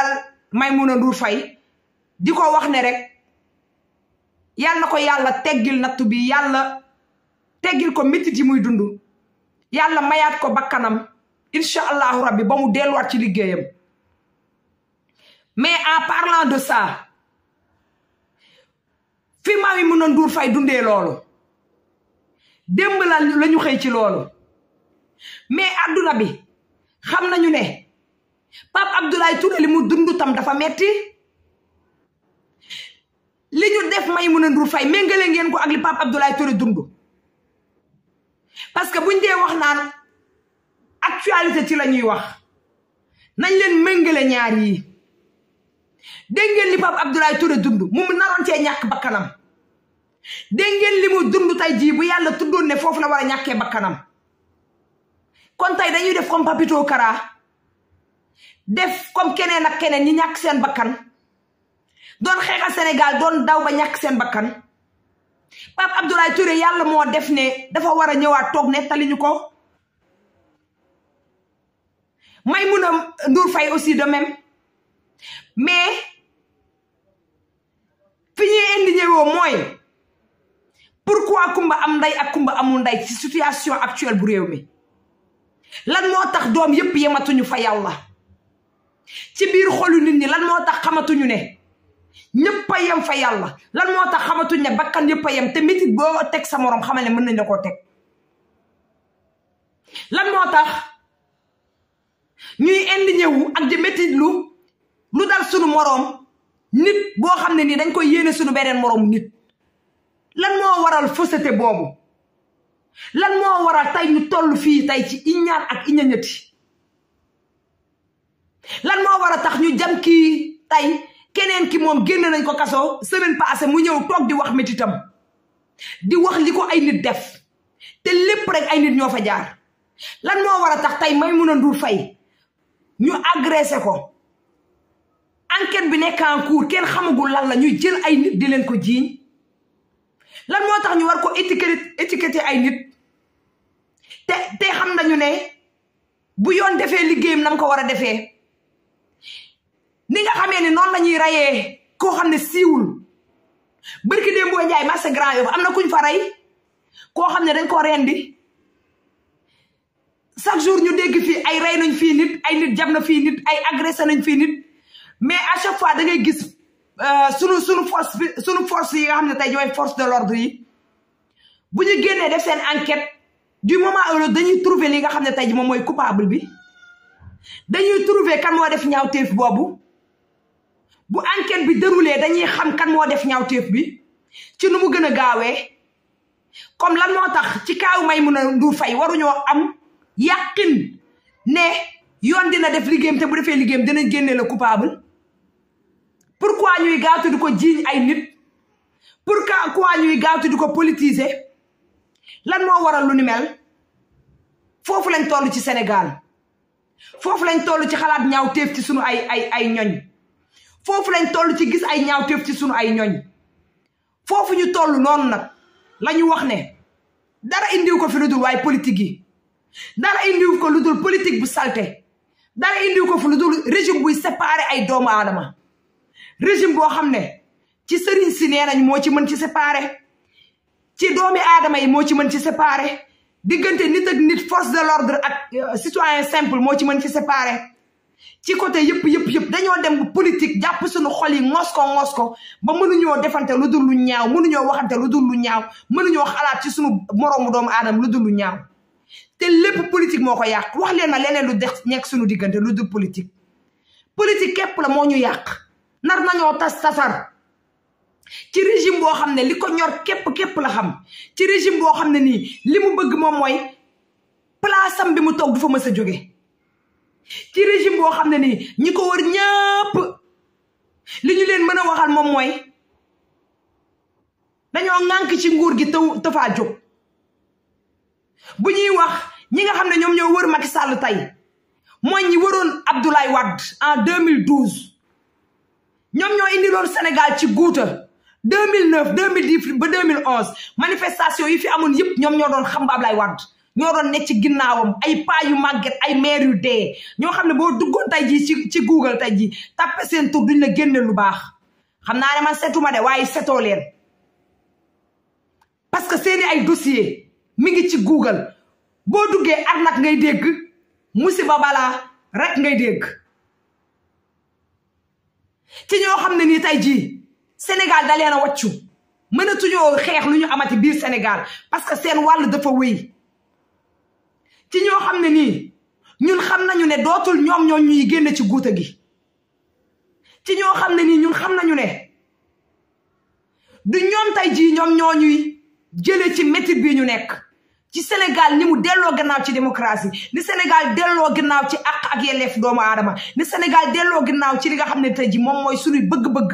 may Maimouna Ndour Faye di ko wax ne rek yàlla na ko yàlla teggil nattu bi yàlla teggil ko métit yi muy dund yàlla mayaat ko bakkanam incha allahu rabbi ba mu delluwaat ci liggéeyam mais en parlant de sa fi Maimouna Ndour Faye dundee loolu démb la la xëy ci loolu mais àdduna bi xam nañu ne Pape Abdoulaye Touré li mu dund tam dafa metti li ñu def Maimouna Ndour fay méngale ngeen ko ak li Pape Abdoulaye Touré dund parce que buñ dee wax naan actualité ci la ñuy wax nañ leen méngale ñaar yi dégg ngeen li Pape Abdoulaye Touré dund mu naroon cee ñàkk bakkanam dégg ngeen li mu dund tey jii bu yàlla tuddoon ne foofu la war a ñàkkee bakkanam kon tey dañuy def comme Papito Kara def comme keneen ak keneen ñi ñàkk seen bakkan doon xeexal Sénégal doon daw ba ñàkk seen bakkan Pape Abdoulaye Touré yàlla moo def ne dafa war a ñëwaat toog nettali ñu ko Maïmouna Ndour fay aussi de même mais fi ñuy indi ñëwoo mooy pourquoi kumba am ndey ak kumba amul ndey ci situation actuelle bu réew mi lan moo tax doom yépp yematuñu fa yàlla ci biir xolu nit ñi lan moo tax xamatuñu ne ñëpp a yem fa yàlla lan moo tax xamatuñu ne bakkan yëpp a yem te métit boo teg sa morom xamal ne mën nañ la koo teg lan moo tax ñuy indi ñëwu ak di métit lu lu dal sunu moroom nit boo xam ne nii dañ koy yéene sunu beneen moroomu nit lan moo waral fausseté boobu lan moo waral tey ñu toll fii tey ci iñaan ak iñañati lan moo war a tax ñu jam kii tey keneen ki moom génn nañ ko kaso semaine passée mu ñëw toog di wax métitam di wax li ko ay nit def te lépp rek ay nit ñoo fa jaar lan moo war a tax tey Maimouna Ndour fay ñu agressé ko enquête bi nekk en cours kenn xamagul lan la ñu jël ay nit di leen ko jiiñ lan moo tax ñu war ko étiqueté ay nit te te xam nañu ne bu yoon defee liggéeyam nam ko war a defee ni nga xamee ni noonu la ñuy rayee koo xam ne siwul siiwul barki démb boo Njaay marché Grand yoo am na kuñ fa rey koo xam ne dañ ko rendi chaque jour ñu dégg fi ay rey nañ fii nit ay nit jam na fii nit ay agressé nañ fi nit mais à chaque fois da ngay gis euh, sunu sunu force bi sunu force yi nga xam ne tey ñooy force de l'ordre yi bu ñu génnee def seen enquête du moment où dañuy trouver li nga xam ne tey ji moom mooy coupable bi dañuy trouver kan moo def ñaawteef boobu bu enquête bi déroulé dañuy xam kan moo def ñaawteef bi ci nu mu gën a gaawee comme lan moo tax ci kaaw mun a Ndour fay waruñoo am yàqin ne yoon dina def liggéeyam te bu defee liggéeyam dinañ génne la coupable pourquoi ñuy gaawtu di ko jiiñ ay nit pourquoi ñuy gaawtu di ko politiser lan moo waral lu ni foofu lañ toll ci Sénégal foofu lañ toll ci xalaat ñaawteef ci sunu ay ay ay ñoñ foofu lañ toll ci gis ay ñaawteef ci sunu ay ñoñ foofu ñu toll noonu nag la ñu wax ne dara indiw ko fi lu dul waaye politique yi dara indiw ko lu dul politique bu salte dara indiw ko fu lu dul régime buy séparer ay doomu aadama régime boo xam ne ci sëriñ si nee moo ci mën ci séparer ci doomi adama yi moo ci mën ci séparer diggante nit ak nit force de l'ordre ak euh, citoyen simple moo ci mën ci séparer ci côté yëpp yëpp yëpp dañoo dem politique jàpp suñu xol yi ngos ko ngos ko ba mënuñoo defante lu dul lu ñaaw mënuñoo waxante lu dul lu ñaaw mënuñoo xalaat ci suñu moroomu doomu aadama lu dul lu ñaaw te lépp politique moo ko yàq wax leen na leneen lu dex nekk suñu diggante lu dul politique politique képp la moo ñu yàq nar nañoo tas tasar ci régime boo xam ne li ko ñor képp képp la xam ci régime boo xam ne nii li mu bëgg moom mooy palaasam bi mu toog du fa mës a jóge ci régime boo xam ne nii ñi ko wër ñëpp li ñu leen mën a waxal moom mooy dañoo ŋànk ci nguur gi tëw tëfaa jóg bu ñuy wax ñi nga xam ne ñoom ñoo wër Macky Sall tey mooy ñi wëroon Abdoulaye Wade en 2012 ñoom ñoo indi loon Sénégal ci guuta 2009 2010 ba 2011 manifestation yi fi amoon yëpp ñoom ñoo doon xam ba Abdoulaye Wade ñoo doon ne ci ginnaawam ay paa yu màgget ay maire yu dee ñoo xam ne boo duggoon tey ji ci ci Google tey ji tàppe seen tur duñ la génne lu baax xam naa ne man setuma de waaye setoo leen parce que seeni ay dossier mi ngi ci Google boo duggee arnaque ngay dégg musiba balaa rek ngay dégg ci ñoo xam ne nii tey jii Sénégal da leen a wàccu mënatuñoo xeex lu ñu amati biir senegal parce que seen wàll dafa wéy ci ñoo xam ne nii ñun xam nañu ne dootul ñoom ñoo ñuy génne ci guuta gi ci ñoo xam ne ni ñun xam nañu ne di ñoom tey jii ñoom ñoo ñuy jëlee ci métit bi ñu nekk ci senegal ni mu delloo gannaaw ci démocratie ni Sénégal delloo gannaaw ci àq ak yelleef doomu aadama ni senegal delloo gannaaw ci li nga xam ne tey jii moom mooy suñu bëgg-bëgg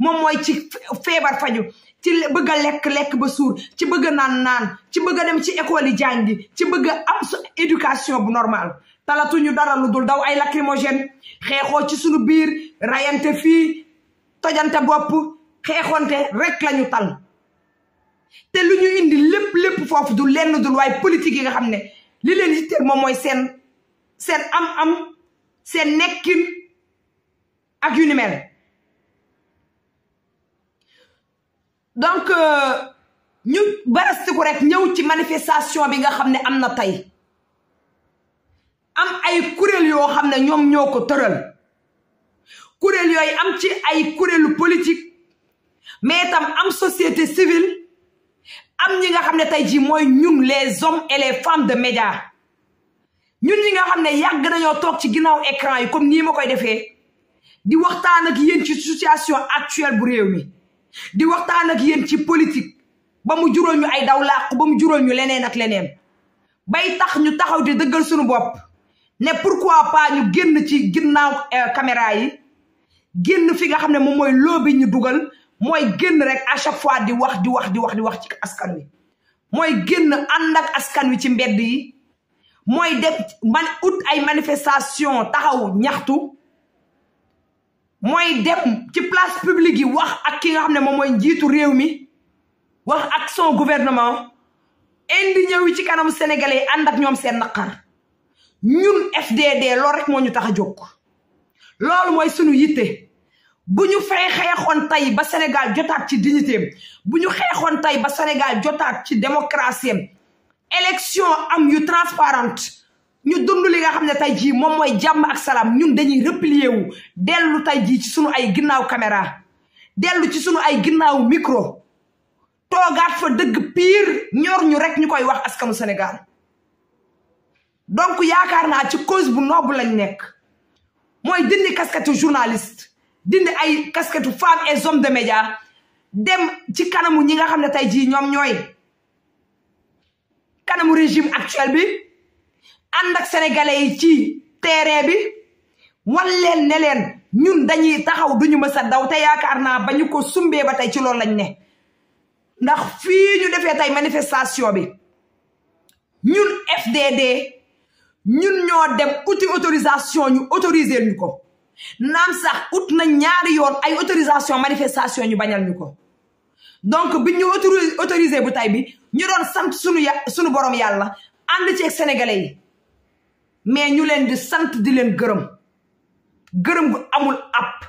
moom mooy ci feebar faju ci bëgg lekk lekk ba suur ci bëgg naan naan ci bëgg a dem ci école yi jàngi ci bëgg a am su éducation bu normal talatuñu dara lu dul daw ay lacrymogène xeexoo ci suñu biir rayante fii tojante bopp xeexonte rek lañu tal te lu ñu indi lépp lépp foofu du lenn dul waaye politique yi nga xam ne li leen yitteel moom mooy seen seen am am seen nekkin ak yu donc euh, ñu barastiku rek ñëw ci manifestation bi nga xam ne am na tey am ay kuréel yoo xam ne ñoom ñoo ko tëral kuréel yooyu am ci ay kuréelu politique mais itam am société civile am ñi nga xam ne tey jii mooy ñun les hommes et femmes de médias ñun ñi nga xam ne yàgg nañoo toog ci ginnaaw écran yi comme nii ma koy defee di waxtaan ak yéen ci situation actuelle bu réew mi di waxtaan ak yéen ci politique ba mu juróoñu ay daw làqu ba mu juróoñu leneen ak leneen bay tax ñu taxaw di dëggal sunu bopp ne pourquoi pas ñu génn ci ginnaaw euh, caméra yi génn fi nga xam ne moom mooy loobi ñu dugal mooy génn rek à chaque fois di wax di wax di wax di wax ci askan wi mooy génn ànd ak askan wi ci mbedd yi mooy def man ut ay manifestation taxaw ñaxtu mooy dem ci place publique yi wax ak ki nga xam ne moom mooy njiitu réew mi wax ak son gouvernement indi ñëw ci kanam sénégalais yi ànd ak ñoom seen naqar ñun FDD loolu rek moo ñu tax a jóg loolu mooy sunu yitte bu ñu fay xeexoon tey ba Sénégal jotaat ci dignité bu ñu xeexoon tey ba Sénégal jotaat ci démocratie élection am yu transparente ñu dund li nga xam ne tey jii moom mooy jàmm ak salaam ñun dañuy replier wu dellu tey jii ci sunu ay ginnaaw caméra dellu ci sunu ay ginnaaw micro toogaat fa dëgg pire ñor ñu rek ñu koy wax askamu Sénégal donc yaakaar naa ci cause bu noble lañ nekk mooy dindi casquette journaliste dindi ay casquette fam et hommes de médias dem ci kanamu ñi nga xam ne tey jii ñoom ñooy kanamu régime actuel bi. ànd ak sénégalais yi ci terrain bi wan leen ne leen ñun dañuy taxaw duñu ñu a daw te yaakaar naa ba ñu ko sumbee ba tey ci loolu lañ ne ndax fii ñu defee tey manifestation bi ñun FDD ñun ñoo dem uti autorisation ñu autoriser ñu ko naam sax ut na ñaari yoon ay autorisation manifestation ñu bañal ñu ko donc bi ñu autorisé bu tay bi ñu doon sant sunu ya sunu borom yàlla ànd ci ak sénégalais yi mais ñu leen di sant di leen gërëm gërëm gu amul app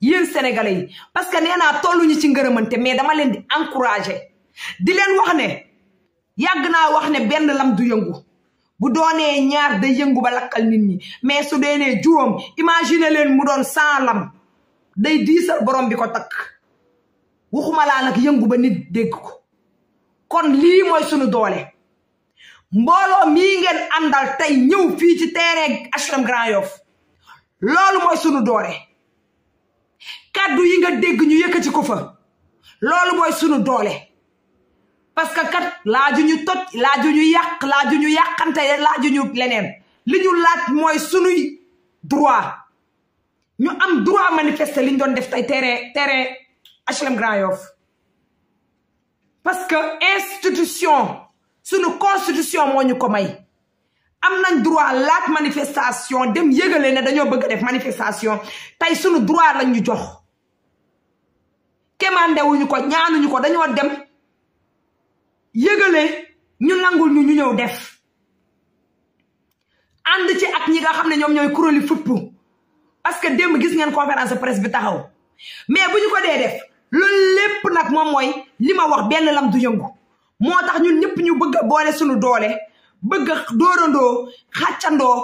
yéen sénégalais yi parce que nee naa tolluñu ci ngërëmante mais dama leen di encourager di leen wax ne yàgg naa wax ne benn lam du yëngu bu doonee ñaar da yëngu ba lakkal nit ñi mais su deenee nee juróom imagine leen mu doon cent lam day diisal borom bi ko takk waxuma laa nag yëngu ba nit dégg ko kon lii mooy sunu doole mbooloo mii ngeen àndal tey ñëw fii ci terrain HLM Grand Yoff loolu mooy sunu doole kàddu yi nga dégg ñu yëkkati ko fa loolu mooy sunu doole parce que kat laaju ñu toj laaju ñu yàq laaju ñu yàqante laaju ñu leneen li ñu laaj mooy sunuy droit ñu am droit manifester li ñu doon def tey tere terrain HLM Grand Yoff parce que institution sunu constitution moo ñu ko may am nañ droit laat manifestation dem yëgale ne dañoo bëgg a def manifestation tey suñu droit lañ ñu jox kemandewuñu ko ñaanuñu ko dañoo dem yëgale ñu nangul ñu ñu ñëw def ànd ci ak ñi nga xam ne ñoom ñooy kuréeli fupp parce que démb gis ngeen conférence de presse bi taxaw mais bu ñu ko dee def loolu lépp nag moom mooy li ma wax benn lam du yëngu moo tax ñu ñëpp ñu bëgg boole suñu doole bëgg doorandoo dóorandoo xàccandoo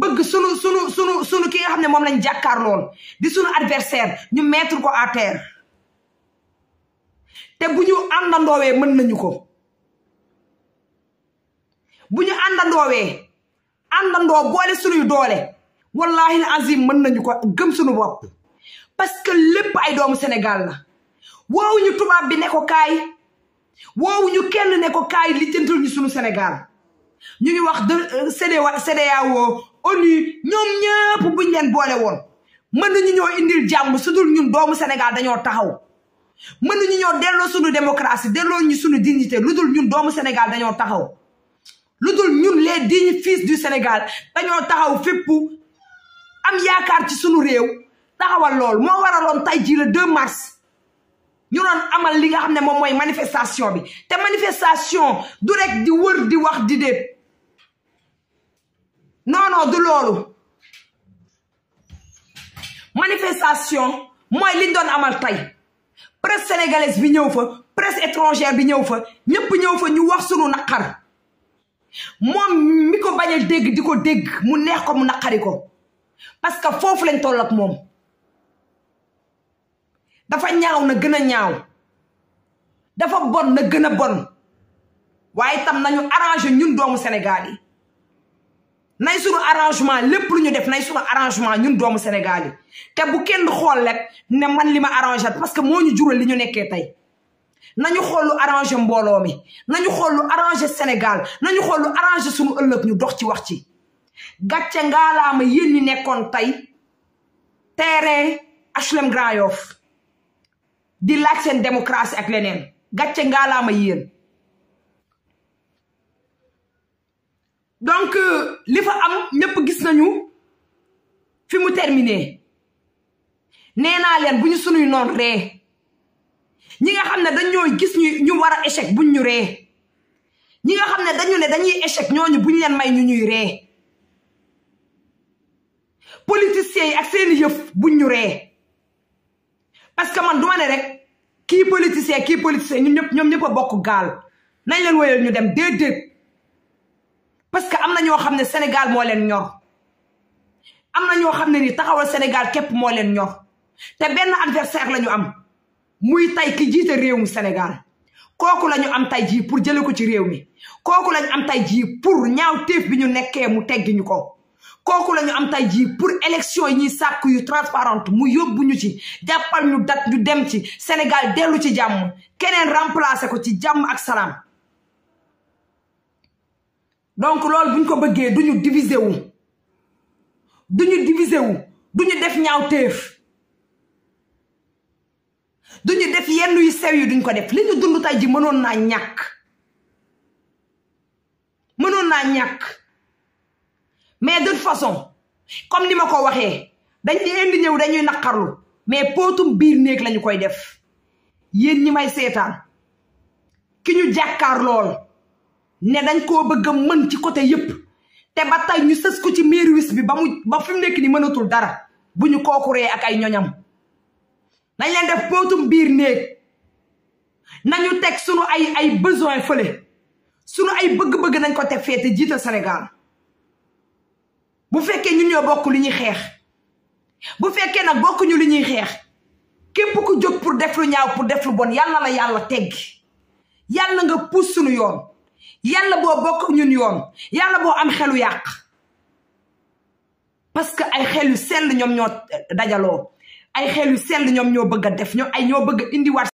bëgg sunu sunu sunu sunu ki nga xam ne moom lañ jàkkaar lool di sunu adversaire ñu mettre ko à terre te bu ñu àndandoowee mën nañu ko bu ñu àndandoowee àndandoo boole sunuy doole wallahi azim mën nañu ko gëm sunu bopp parce que lépp ay doomu Sénégal la woowuñu tubaab bi ne kaay woowuñu kenn ne ko kaay lijjantul ñu sunu Sénégal ñu ngi wax de euh, CEDEAO ONU ñoom ñëpp buñ leen boole woon mën nañu ñoo indil jàmm su dul ñun doomu Sénégal dañoo taxaw mën nañu ñoo dello sunu démocratie delloo ñu sunu dignité lu dul ñun doomu Sénégal dañoo taxaw lu dul ñun les dignes fils du Sénégal dañoo taxaw fépp am yaakaar ci sunu réew taxawal lool moo waraloon tey jii le de mars ñu doon amal li nga xam ne moom mooy manifestation bi te manifestation du rek di wër di wax di déet non non du loolu manifestation mooy liñ doon amal tey presse sénégalaise bi ñëw fa presse étrangère bi ñëw fa ñëpp ñëw fa ñu wax sunu naqar moom mi ko bañ a dégg di ko dégg mu neex ko mu naqari ko parce que foofu lañ toll moom. dafa ñaaw na gën a ñaaw dafa bon na gën a bon waaye tam nañu arrangé ñun doomu Sénégal yi nay suñu arrangement lépp lu ñu def nay suñu arrangement ñun doomu Sénégal yi te bu kenn xool rek ne man li ma arrangé parce que moo ñu jural li ñu nekkee tey nañu xool lu arrangé mbooloo mi nañu xool lu arrangé Sénégal nañu xool lu arrangé suñu ëllëg ñu dox ci wax ci gàcce ngaalaama yéen ñu nekkoon tey terrain HLM Grand Yoff di laaj seen démocratie ak leneen gàcce ngaalaama yéen donc euh, li fa am ñépp gis nañu fi mu terminé nee naa leen bu ñu sunuy noon ree ñi nga xam ne dañoo gis ñu ñu war a échec buñ ñu ree ñi nga xam ne dañu ne dañuy échec ñooñu ñu leen may ñu ñuy ree politiciens ak seeni yëf buñ ñu ree parce que man du ma ne rek kii politicien kii politicien ñun ñëpp ñoom ñëpp a bokk gaal nañ leen woyal ñu dem déedéet parce que am na ñoo xam ne Sénégal moo leen ñor am na ñoo xam ne ni taxawal Sénégal képp moo leen ñor te benn adversaire la ñu am muy tay ki jiite réew mi Sénégal kooku la ñu am tay jii pour jële ko ci réew mi kooku la ñu am tay jii pour ñaaw téef bi ñu nekkee mu teggi ñu ko kooku la ñu am tey jii pour élection yi ñuy yu transparente mu yóbbu ñu ci jàppal ñu dat ñu dem ci senegal dellu ci jàmm keneen remplacer ko ci jàmm ak salaam donc loolu bu ñu ko bëggee du ñu diviser wu du ñu wu du def ñaaw téef du ñu def yenn yu sew yi duñ ko def li ñu dund ji mënoon naa ñàkk mënoon naa ñàkk façon comme ni ma ko waxee dañ di indi ñëw dañuy naqarlu mais pootum biir néeg lañu koy def yéen ñi may seetaan ki ñu jàkkaar ne dañ koo bëgg mën ci côté yëpp te ba tey ñu sës ko ci miir wis bi ba mu ba nekk ni mënatul dara bu ñu kookuree ak ay ñoñam nañ leen def pootum biir néeg nañu teg sunu ay ay besoin fële sunu ay bëgg-bëgg nañ ko teg feete jiital Sénégal bu fekkee ñun ñoo bokk lu ñuy xeex bu fekkee nag bokkuñu lu ñuy xeex képp ku jóg pour def lu ñaaw pour def lu bon yàlla la yàlla teggi yàlla nga puus suñu yoon yàlla boo bokk ñun yoon yàlla boo am xelu yàq parce que ay xel yu sell ñoom ñoo dajaloo ay xelu yu sell ñoom ñoo bëgg a def ñoo ay ñoo bëgg a indiwaat